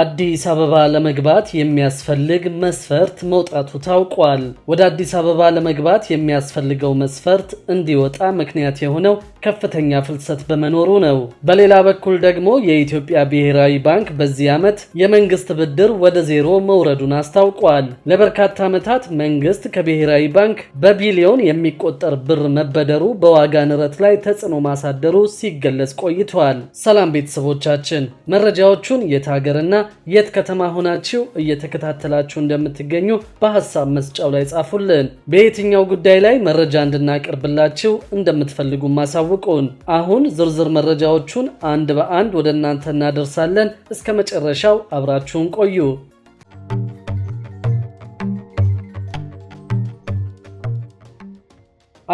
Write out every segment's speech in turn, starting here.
አዲስ አበባ ለመግባት የሚያስፈልግ መስፈርት መውጣቱ ታውቋል። ወደ አዲስ አበባ ለመግባት የሚያስፈልገው መስፈርት እንዲወጣ ምክንያት የሆነው ከፍተኛ ፍልሰት በመኖሩ ነው። በሌላ በኩል ደግሞ የኢትዮጵያ ብሔራዊ ባንክ በዚህ ዓመት የመንግስት ብድር ወደ ዜሮ መውረዱን አስታውቋል። ለበርካታ ዓመታት መንግስት ከብሔራዊ ባንክ በቢሊዮን የሚቆጠር ብር መበደሩ በዋጋ ንረት ላይ ተጽዕኖ ማሳደሩ ሲገለጽ ቆይቷል። ሰላም ቤተሰቦቻችን፣ መረጃዎቹን የት ሀገርና የት ከተማ ሆናችሁ እየተከታተላችሁ እንደምትገኙ በሀሳብ መስጫው ላይ ጻፉልን። በየትኛው ጉዳይ ላይ መረጃ እንድናቀርብላችሁ እንደምትፈልጉ ማሳውቁን። አሁን ዝርዝር መረጃዎቹን አንድ በአንድ ወደ እናንተ እናደርሳለን። እስከ መጨረሻው አብራችሁን ቆዩ።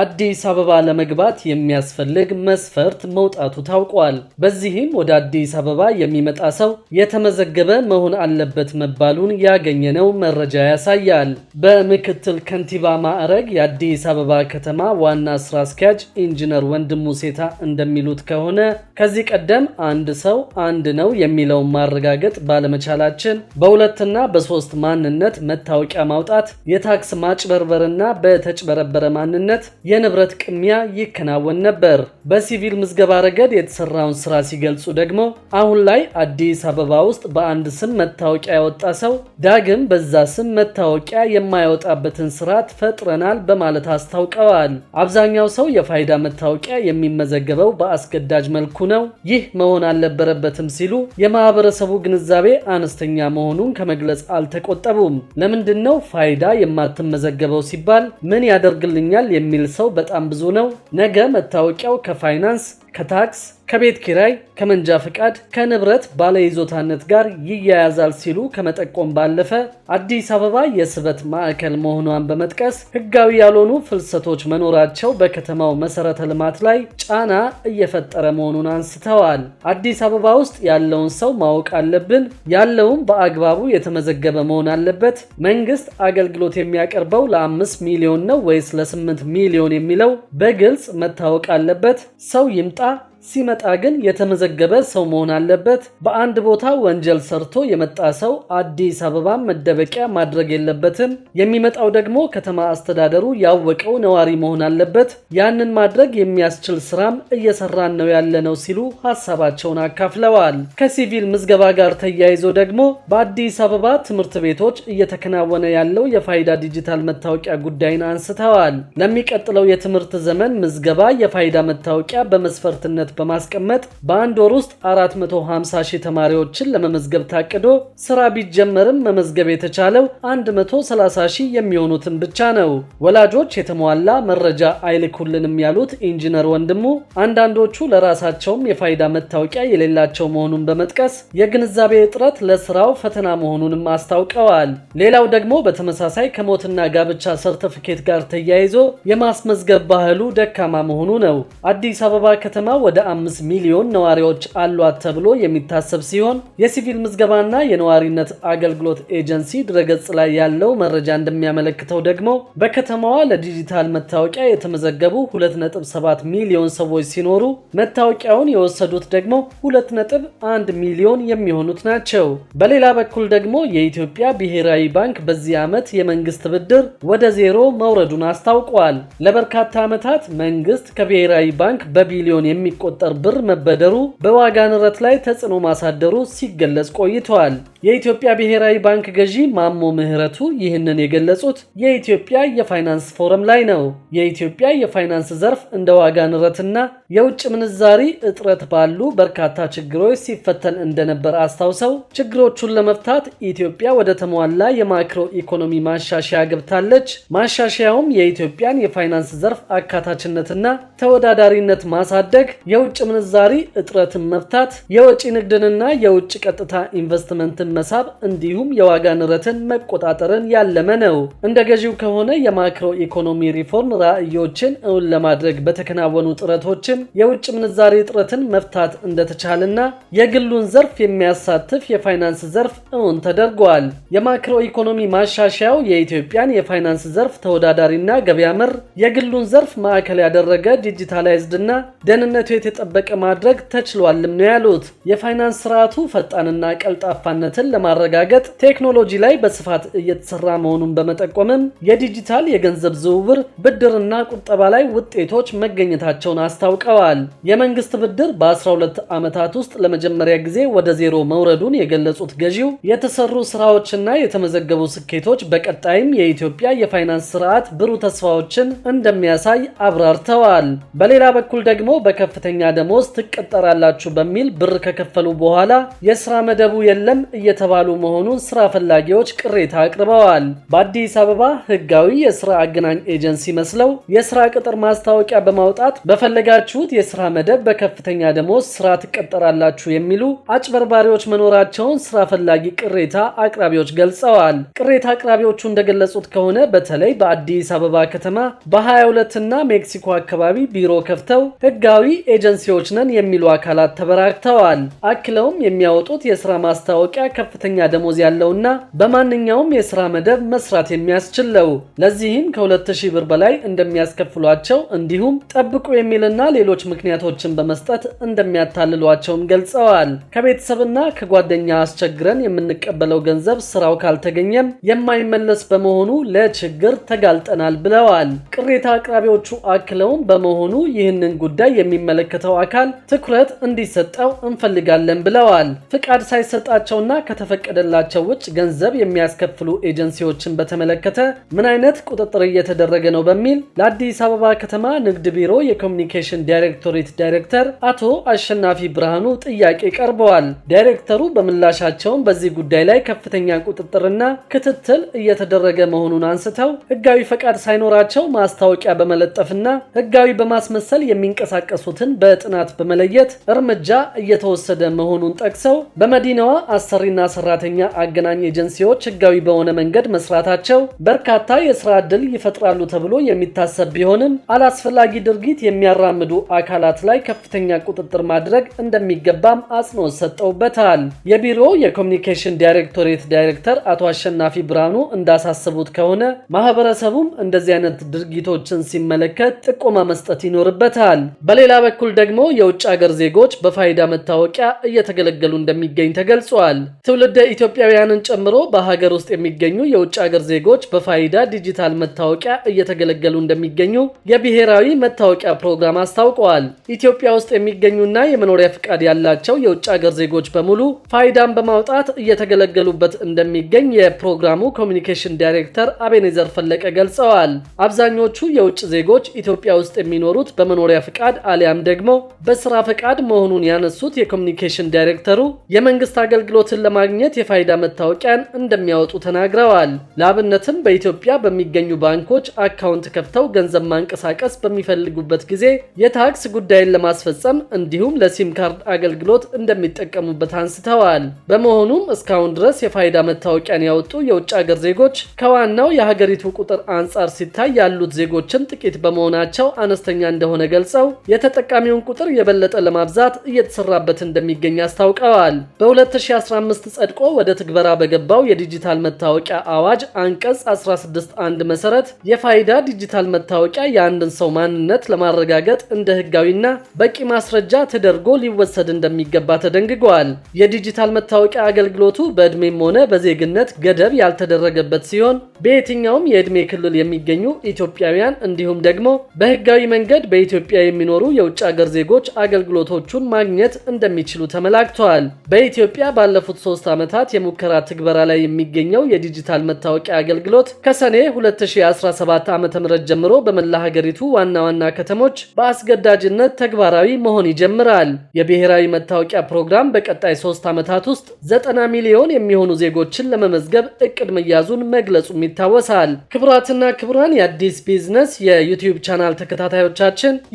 አዲስ አበባ ለመግባት የሚያስፈልግ መስፈርት መውጣቱ ታውቋል። በዚህም ወደ አዲስ አበባ የሚመጣ ሰው የተመዘገበ መሆን አለበት መባሉን ያገኘነው መረጃ ያሳያል። በምክትል ከንቲባ ማዕረግ የአዲስ አበባ ከተማ ዋና ስራ አስኪያጅ ኢንጂነር ወንድሙ ሴታ እንደሚሉት ከሆነ ከዚህ ቀደም አንድ ሰው አንድ ነው የሚለውን ማረጋገጥ ባለመቻላችን በሁለትና በሶስት ማንነት መታወቂያ ማውጣት የታክስ ማጭበርበርና በተጭበረበረ ማንነት የንብረት ቅሚያ ይከናወን ነበር። በሲቪል ምዝገባ ረገድ የተሰራውን ስራ ሲገልጹ ደግሞ አሁን ላይ አዲስ አበባ ውስጥ በአንድ ስም መታወቂያ ያወጣ ሰው ዳግም በዛ ስም መታወቂያ የማያወጣበትን ስርዓት ፈጥረናል በማለት አስታውቀዋል። አብዛኛው ሰው የፋይዳ መታወቂያ የሚመዘገበው በአስገዳጅ መልኩ ነው። ይህ መሆን አልነበረበትም ሲሉ የማህበረሰቡ ግንዛቤ አነስተኛ መሆኑን ከመግለጽ አልተቆጠቡም። ለምንድን ነው ፋይዳ የማትመዘገበው ሲባል ምን ያደርግልኛል የሚል ሰው በጣም ብዙ ነው። ነገ መታወቂያው ከፋይናንስ ከታክስ፣ ከቤት ኪራይ፣ ከመንጃ ፈቃድ፣ ከንብረት ባለይዞታነት ጋር ይያያዛል ሲሉ ከመጠቆም ባለፈ አዲስ አበባ የስበት ማዕከል መሆኗን በመጥቀስ ሕጋዊ ያልሆኑ ፍልሰቶች መኖራቸው በከተማው መሰረተ ልማት ላይ ጫና እየፈጠረ መሆኑን አንስተዋል። አዲስ አበባ ውስጥ ያለውን ሰው ማወቅ አለብን፣ ያለውም በአግባቡ የተመዘገበ መሆን አለበት። መንግስት አገልግሎት የሚያቀርበው ለአምስት ሚሊዮን ነው ወይስ ለስምንት ሚሊዮን የሚለው በግልጽ መታወቅ አለበት። ሰው ይምጣ tá? ሲመጣ ግን የተመዘገበ ሰው መሆን አለበት። በአንድ ቦታ ወንጀል ሰርቶ የመጣ ሰው አዲስ አበባ መደበቂያ ማድረግ የለበትም። የሚመጣው ደግሞ ከተማ አስተዳደሩ ያወቀው ነዋሪ መሆን አለበት። ያንን ማድረግ የሚያስችል ስራም እየሰራን ነው ያለነው ሲሉ ሀሳባቸውን አካፍለዋል። ከሲቪል ምዝገባ ጋር ተያይዞ ደግሞ በአዲስ አበባ ትምህርት ቤቶች እየተከናወነ ያለው የፋይዳ ዲጂታል መታወቂያ ጉዳይን አንስተዋል። ለሚቀጥለው የትምህርት ዘመን ምዝገባ የፋይዳ መታወቂያ በመስፈርትነት በቋሚነት በማስቀመጥ በአንድ ወር ውስጥ 450 ሺህ ተማሪዎችን ለመመዝገብ ታቅዶ ስራ ቢጀመርም መመዝገብ የተቻለው 130 ሺህ የሚሆኑትን ብቻ ነው። ወላጆች የተሟላ መረጃ አይልኩልንም ያሉት ኢንጂነር ወንድሙ አንዳንዶቹ ለራሳቸውም የፋይዳ መታወቂያ የሌላቸው መሆኑን በመጥቀስ የግንዛቤ እጥረት ለስራው ፈተና መሆኑንም አስታውቀዋል። ሌላው ደግሞ በተመሳሳይ ከሞትና ጋብቻ ሰርተፍኬት ጋር ተያይዞ የማስመዝገብ ባህሉ ደካማ መሆኑ ነው። አዲስ አበባ ከተማ ወደ አምስት ሚሊዮን ነዋሪዎች አሏት ተብሎ የሚታሰብ ሲሆን የሲቪል ምዝገባና የነዋሪነት አገልግሎት ኤጀንሲ ድረገጽ ላይ ያለው መረጃ እንደሚያመለክተው ደግሞ በከተማዋ ለዲጂታል መታወቂያ የተመዘገቡ 2.7 ሚሊዮን ሰዎች ሲኖሩ መታወቂያውን የወሰዱት ደግሞ 2.1 ሚሊዮን የሚሆኑት ናቸው። በሌላ በኩል ደግሞ የኢትዮጵያ ብሔራዊ ባንክ በዚህ ዓመት የመንግስት ብድር ወደ ዜሮ መውረዱን አስታውቋል። ለበርካታ ዓመታት መንግስት ከብሔራዊ ባንክ በቢሊዮን የሚቆ የሚቆጠር ብር መበደሩ በዋጋ ንረት ላይ ተጽዕኖ ማሳደሩ ሲገለጽ ቆይተዋል። የኢትዮጵያ ብሔራዊ ባንክ ገዢ ማሞ ምህረቱ ይህንን የገለጹት የኢትዮጵያ የፋይናንስ ፎረም ላይ ነው። የኢትዮጵያ የፋይናንስ ዘርፍ እንደ ዋጋ ንረትና የውጭ ምንዛሪ እጥረት ባሉ በርካታ ችግሮች ሲፈተን እንደነበር አስታውሰው ችግሮቹን ለመፍታት ኢትዮጵያ ወደ ተሟላ የማክሮ ኢኮኖሚ ማሻሻያ ገብታለች። ማሻሻያውም የኢትዮጵያን የፋይናንስ ዘርፍ አካታችነትና ተወዳዳሪነት ማሳደግ፣ የውጭ ምንዛሪ እጥረትን መፍታት፣ የወጪ ንግድንና የውጭ ቀጥታ ኢንቨስትመንትን መሳብ እንዲሁም የዋጋ ንረትን መቆጣጠርን ያለመ ነው። እንደ ገዢው ከሆነ የማክሮ ኢኮኖሚ ሪፎርም ራዕዮችን እውን ለማድረግ በተከናወኑ ጥረቶችም የውጭ ምንዛሪ እጥረትን መፍታት እንደተቻለና የግሉን ዘርፍ የሚያሳትፍ የፋይናንስ ዘርፍ እውን ተደርጓል። የማክሮ ኢኮኖሚ ማሻሻያው የኢትዮጵያን የፋይናንስ ዘርፍ ተወዳዳሪና ገበያ መር የግሉን ዘርፍ ማዕከል ያደረገ ዲጂታላይዝድና ደህንነቱ የተ የተጠበቀ ማድረግ ተችሏልም ነው ያሉት። የፋይናንስ ስርዓቱ ፈጣንና ቀልጣፋነትን ለማረጋገጥ ቴክኖሎጂ ላይ በስፋት እየተሰራ መሆኑን በመጠቆምም የዲጂታል የገንዘብ ዝውውር፣ ብድርና ቁጠባ ላይ ውጤቶች መገኘታቸውን አስታውቀዋል። የመንግስት ብድር በ12 ዓመታት ውስጥ ለመጀመሪያ ጊዜ ወደ ዜሮ መውረዱን የገለጹት ገዢው የተሰሩ ስራዎችና የተመዘገቡ ስኬቶች በቀጣይም የኢትዮጵያ የፋይናንስ ስርዓት ብሩህ ተስፋዎችን እንደሚያሳይ አብራርተዋል። በሌላ በኩል ደግሞ በከፍተኛ መደበኛ ደሞዝ ትቀጠራላችሁ በሚል ብር ከከፈሉ በኋላ የስራ መደቡ የለም እየተባሉ መሆኑን ስራ ፈላጊዎች ቅሬታ አቅርበዋል። በአዲስ አበባ ህጋዊ የስራ አገናኝ ኤጀንሲ መስለው የስራ ቅጥር ማስታወቂያ በማውጣት በፈለጋችሁት የስራ መደብ በከፍተኛ ደሞዝ ስራ ትቀጠራላችሁ የሚሉ አጭበርባሪዎች መኖራቸውን ስራ ፈላጊ ቅሬታ አቅራቢዎች ገልጸዋል። ቅሬታ አቅራቢዎቹ እንደገለጹት ከሆነ በተለይ በአዲስ አበባ ከተማ በ22 እና ሜክሲኮ አካባቢ ቢሮ ከፍተው ህጋዊ ኤጀንሲ ኤጀንሲዎች ነን የሚሉ አካላት ተበራክተዋል። አክለውም የሚያወጡት የስራ ማስታወቂያ ከፍተኛ ደሞዝ ያለውና በማንኛውም የስራ መደብ መስራት የሚያስችል ነው። ለዚህም ከ2000 ብር በላይ እንደሚያስከፍሏቸው እንዲሁም ጠብቁ የሚልና ሌሎች ምክንያቶችን በመስጠት እንደሚያታልሏቸውም ገልጸዋል። ከቤተሰብና ከጓደኛ አስቸግረን የምንቀበለው ገንዘብ ስራው ካልተገኘም የማይመለስ በመሆኑ ለችግር ተጋልጠናል ብለዋል። ቅሬታ አቅራቢዎቹ አክለውም በመሆኑ ይህንን ጉዳይ የሚመለከት የሚመለከተው አካል ትኩረት እንዲሰጠው እንፈልጋለን ብለዋል። ፍቃድ ሳይሰጣቸውና ከተፈቀደላቸው ውጭ ገንዘብ የሚያስከፍሉ ኤጀንሲዎችን በተመለከተ ምን አይነት ቁጥጥር እየተደረገ ነው በሚል ለአዲስ አበባ ከተማ ንግድ ቢሮ የኮሚኒኬሽን ዳይሬክቶሬት ዳይሬክተር አቶ አሸናፊ ብርሃኑ ጥያቄ ቀርበዋል። ዳይሬክተሩ በምላሻቸውም በዚህ ጉዳይ ላይ ከፍተኛ ቁጥጥርና ክትትል እየተደረገ መሆኑን አንስተው ህጋዊ ፈቃድ ሳይኖራቸው ማስታወቂያ በመለጠፍና ህጋዊ በማስመሰል የሚንቀሳቀሱትን በጥናት በመለየት እርምጃ እየተወሰደ መሆኑን ጠቅሰው በመዲናዋ አሰሪና ሰራተኛ አገናኝ ኤጀንሲዎች ህጋዊ በሆነ መንገድ መስራታቸው በርካታ የስራ ዕድል ይፈጥራሉ ተብሎ የሚታሰብ ቢሆንም አላስፈላጊ ድርጊት የሚያራምዱ አካላት ላይ ከፍተኛ ቁጥጥር ማድረግ እንደሚገባም አጽንኦት ሰጠውበታል። የቢሮው የኮሚኒኬሽን ዳይሬክቶሬት ዳይሬክተር አቶ አሸናፊ ብርሃኑ እንዳሳሰቡት ከሆነ ማህበረሰቡም እንደዚህ አይነት ድርጊቶችን ሲመለከት ጥቆማ መስጠት ይኖርበታል። በሌላ በኩል በኩል ደግሞ የውጭ ሀገር ዜጎች በፋይዳ መታወቂያ እየተገለገሉ እንደሚገኝ ተገልጿል። ትውልደ ኢትዮጵያውያንን ጨምሮ በሀገር ውስጥ የሚገኙ የውጭ ሀገር ዜጎች በፋይዳ ዲጂታል መታወቂያ እየተገለገሉ እንደሚገኙ የብሔራዊ መታወቂያ ፕሮግራም አስታውቀዋል። ኢትዮጵያ ውስጥ የሚገኙና የመኖሪያ ፍቃድ ያላቸው የውጭ ሀገር ዜጎች በሙሉ ፋይዳን በማውጣት እየተገለገሉበት እንደሚገኝ የፕሮግራሙ ኮሚኒኬሽን ዳይሬክተር አቤኔዘር ፈለቀ ገልጸዋል። አብዛኞቹ የውጭ ዜጎች ኢትዮጵያ ውስጥ የሚኖሩት በመኖሪያ ፍቃድ አሊያም ደግሞ ደግሞ በስራ ፈቃድ መሆኑን ያነሱት የኮሚኒኬሽን ዳይሬክተሩ የመንግስት አገልግሎትን ለማግኘት የፋይዳ መታወቂያን እንደሚያወጡ ተናግረዋል። ለአብነትም በኢትዮጵያ በሚገኙ ባንኮች አካውንት ከፍተው ገንዘብ ማንቀሳቀስ በሚፈልጉበት ጊዜ የታክስ ጉዳይን ለማስፈጸም እንዲሁም ለሲም ካርድ አገልግሎት እንደሚጠቀሙበት አንስተዋል። በመሆኑም እስካሁን ድረስ የፋይዳ መታወቂያን ያወጡ የውጭ ሀገር ዜጎች ከዋናው የሀገሪቱ ቁጥር አንጻር ሲታይ ያሉት ዜጎችን ጥቂት በመሆናቸው አነስተኛ እንደሆነ ገልጸው የተጠቃሚ የካምፓኒውን ቁጥር የበለጠ ለማብዛት እየተሰራበት እንደሚገኝ አስታውቀዋል። በ2015 ጸድቆ ወደ ትግበራ በገባው የዲጂታል መታወቂያ አዋጅ አንቀጽ 161 መሰረት የፋይዳ ዲጂታል መታወቂያ የአንድን ሰው ማንነት ለማረጋገጥ እንደ ህጋዊና በቂ ማስረጃ ተደርጎ ሊወሰድ እንደሚገባ ተደንግጓል። የዲጂታል መታወቂያ አገልግሎቱ በዕድሜም ሆነ በዜግነት ገደብ ያልተደረገበት ሲሆን በየትኛውም የዕድሜ ክልል የሚገኙ ኢትዮጵያውያን እንዲሁም ደግሞ በህጋዊ መንገድ በኢትዮጵያ የሚኖሩ የውጭ ሀገር ዜጎች አገልግሎቶቹን ማግኘት እንደሚችሉ ተመላክተዋል። በኢትዮጵያ ባለፉት ሶስት ዓመታት የሙከራ ትግበራ ላይ የሚገኘው የዲጂታል መታወቂያ አገልግሎት ከሰኔ 2017 ዓ ም ጀምሮ በመላ ሀገሪቱ ዋና ዋና ከተሞች በአስገዳጅነት ተግባራዊ መሆን ይጀምራል። የብሔራዊ መታወቂያ ፕሮግራም በቀጣይ ሶስት ዓመታት ውስጥ 90 ሚሊዮን የሚሆኑ ዜጎችን ለመመዝገብ እቅድ መያዙን መግለጹም ይታወሳል። ክቡራትና ክቡራን የአዲስ ቢዝነስ የዩቲዩብ ቻናል ተከታታዮቻችን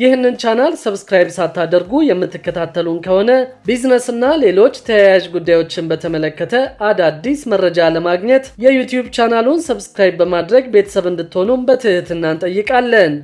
ይህንን ቻናል ሰብስክራ ሰብስክራይብ ሳታደርጉ የምትከታተሉን ከሆነ ቢዝነስና ሌሎች ተያያዥ ጉዳዮችን በተመለከተ አዳዲስ መረጃ ለማግኘት የዩቲዩብ ቻናሉን ሰብስክራይብ በማድረግ ቤተሰብ እንድትሆኑም በትህትና እንጠይቃለን።